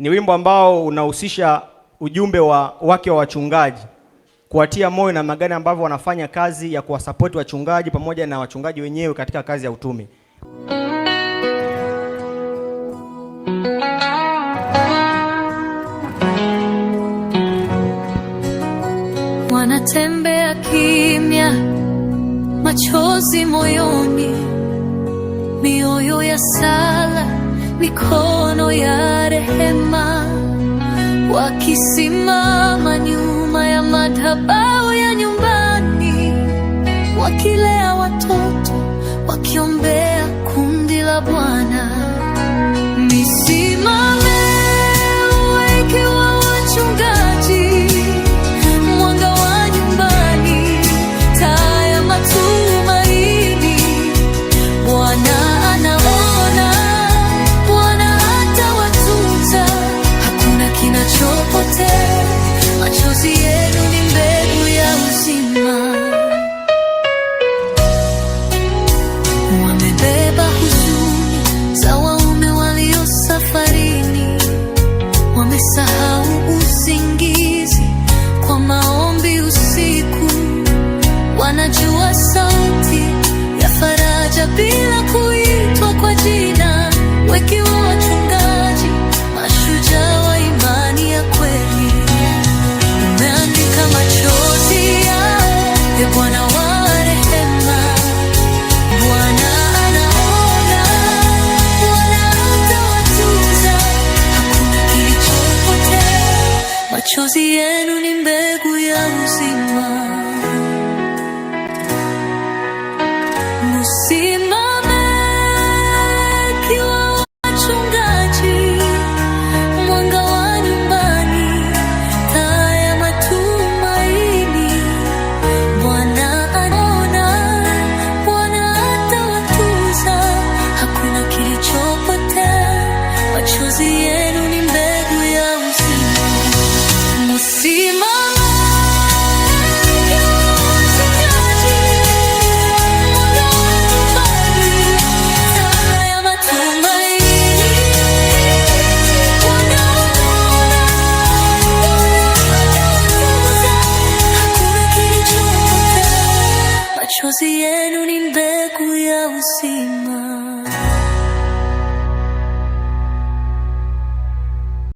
ni wimbo ambao unahusisha ujumbe wa wake wa wachungaji kuwatia moyo na magani ambavyo wanafanya kazi ya kuwasapoti wachungaji pamoja na wachungaji wenyewe katika kazi ya utume. Wanatembea kimya, machozi moyoni, mioyo ya sala mikono ya rehema, wakisimama nyuma ya madhabahu ya nyumbani, wakilea watoto, wakiombea kundi la Bwana. bila kuitwa kwa jina, wakiwa wachungaji, mashujaa wa imani ya Umeandika machozi yao, e Bwana wa rehema. Bwana anaona, Bwana atawatunza, Machozi yenu ni mbegu ya uzima. machozi yenu ni mbegu ya uzima.